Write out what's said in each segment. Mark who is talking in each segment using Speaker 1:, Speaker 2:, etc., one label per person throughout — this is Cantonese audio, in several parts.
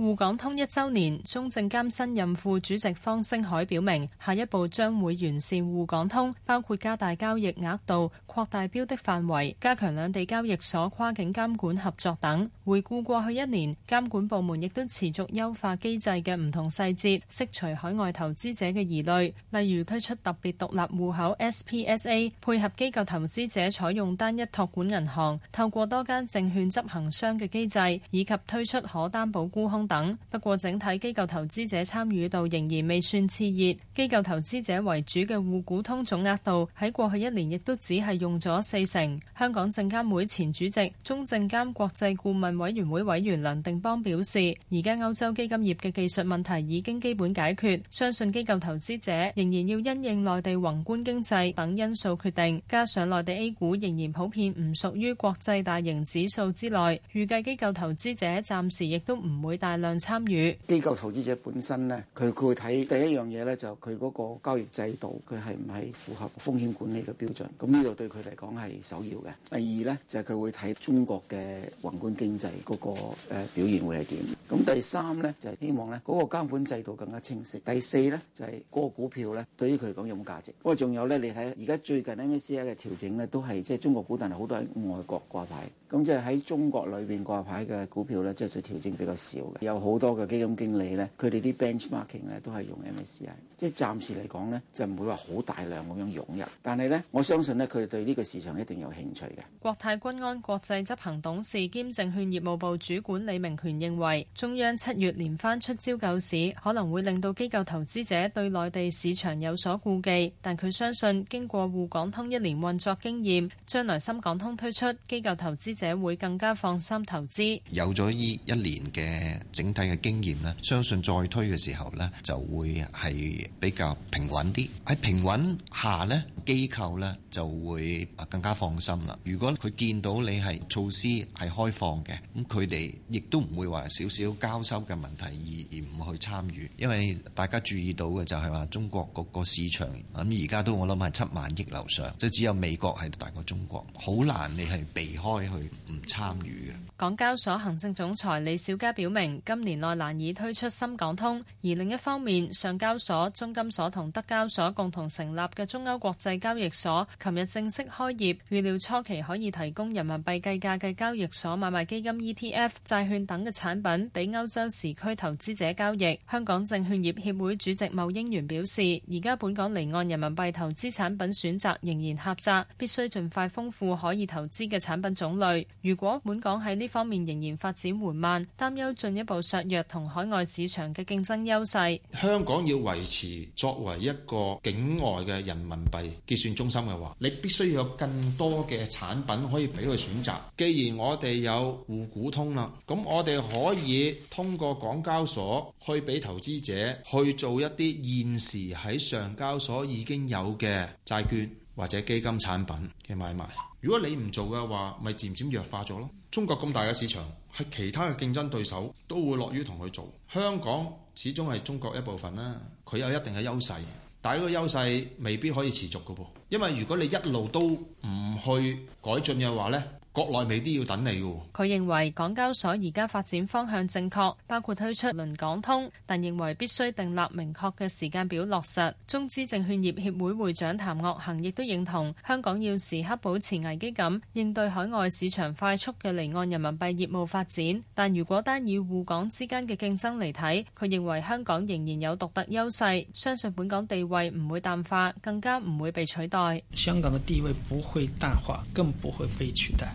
Speaker 1: 滬港通一周年，中證監新任副主席方星海表明，下一步將會完善滬港通，包括加大交易額度、擴大標的範圍、加強兩地交易所跨境監管合作等。回顧過去一年，監管部門亦都持續優化機制嘅唔同細節，釋除海外投資者嘅疑慮，例如推出特別獨立戶口 SPSA，配合機構投資者採用單一託管銀行，透過多間證券執行商嘅機制，以及推出可擔保沽空。等，不過整體機構投資者參與度仍然未算熾熱，機構投資者為主嘅滬股通總額度喺過去一年亦都只係用咗四成。香港證監會前主席、中證監國際顧問委員會委員梁定邦表示，而家歐洲基金業嘅技術問題已經基本解決，相信機構投資者仍然要因應內地宏觀經濟等因素決定。加上內地 A 股仍然普遍唔屬於國際大型指數之內，預計機構投資者暫時亦都唔會大。量參與
Speaker 2: 機構投資者本身咧，佢佢會睇第一樣嘢咧，就佢、是、嗰個交易制度，佢係唔係符合風險管理嘅標準？咁呢個對佢嚟講係首要嘅。第二咧，就係、是、佢會睇中國嘅宏觀經濟嗰、那個、呃、表現會係點。咁第三咧，就係、是、希望咧嗰個監管制度更加清晰。第四咧，就係、是、嗰個股票咧，對於佢嚟講有冇價值？不過仲有咧，你睇而家最近 MSCI 嘅調整咧，都係即係中國股，但係好多喺外國掛牌。咁即係喺中國裏邊掛牌嘅股票咧，即、就、係、是、調整比較少嘅。有好多嘅基金經理咧，佢哋啲 benchmarking 咧都係用 MSCI，即係暫時嚟講咧就唔會話好大量咁樣湧入，但係咧我相信咧佢哋對呢個市場一定有興趣嘅。
Speaker 1: 國泰君安國際執行董事兼證券業務部主管李明權認為，中央七月連番出招救市，可能會令到機構投資者對內地市場有所顧忌，但佢相信經過滬港通一年運作經驗，將來深港通推出，機構投資者會更加放心投資。
Speaker 3: 有咗呢一年嘅。整體嘅經驗咧，相信再推嘅時候呢，就會係比較平穩啲。喺平穩下呢，機構呢就會啊更加放心啦。如果佢見到你係措施係開放嘅，咁佢哋亦都唔會話少少交收嘅問題而而唔去參與。因為大家注意到嘅就係話中國個個市場咁而家都我諗係七萬億樓上，即係只有美國係大過中國，好難你係避開去唔參與嘅。
Speaker 1: 港交所行政總裁李小加表明。今年內難以推出深港通，而另一方面，上交所、中金所同德交所共同成立嘅中歐國際交易所，琴日正式開業，預料初期可以提供人民幣計價嘅交易所買賣基金、ETF、債券等嘅產品俾歐洲時區投資者交易。香港證券業協會主席茂英元表示，而家本港離岸人民幣投資產品選擇仍然狹窄，必須盡快豐富可以投資嘅產品種類。如果本港喺呢方面仍然發展緩慢，擔憂進一步削弱同海外市場嘅競爭優勢。
Speaker 4: 香港要維持作為一個境外嘅人民幣結算中心嘅話，你必須要有更多嘅產品可以俾佢選擇。既然我哋有滬股通啦，咁我哋可以通過港交所去俾投資者去做一啲現時喺上交所已經有嘅債券。或者基金產品嘅買賣，如果你唔做嘅話，咪漸漸弱化咗咯。中國咁大嘅市場，係其他嘅競爭對手都會樂於同佢做。香港始終係中國一部分啦，佢有一定嘅優勢，但係嗰個優勢未必可以持續㗎噃，因為如果你一路都唔去改進嘅話呢。國內未必要等你喎。
Speaker 1: 佢認為港交所而家發展方向正確，包括推出聯港通，但認為必須訂立明確嘅時間表落實。中資證券業協會會長譚岳恒亦都認同，香港要時刻保持危機感，應對海外市場快速嘅離岸人民幣業務發展。但如果單以滬港之間嘅競爭嚟睇，佢認為香港仍然有獨特優勢，相信本港地位唔會淡化，更加唔會被取代。
Speaker 4: 香港嘅地位不會淡化，更不會被取代。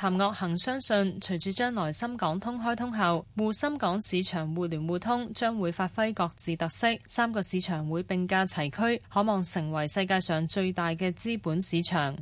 Speaker 1: 譚岳恒相信，隨住將來深港通開通後，滬深港市場互聯互通將會發揮各自特色，三個市場會並駕齊驅，可望成為世界上最大嘅資本市場。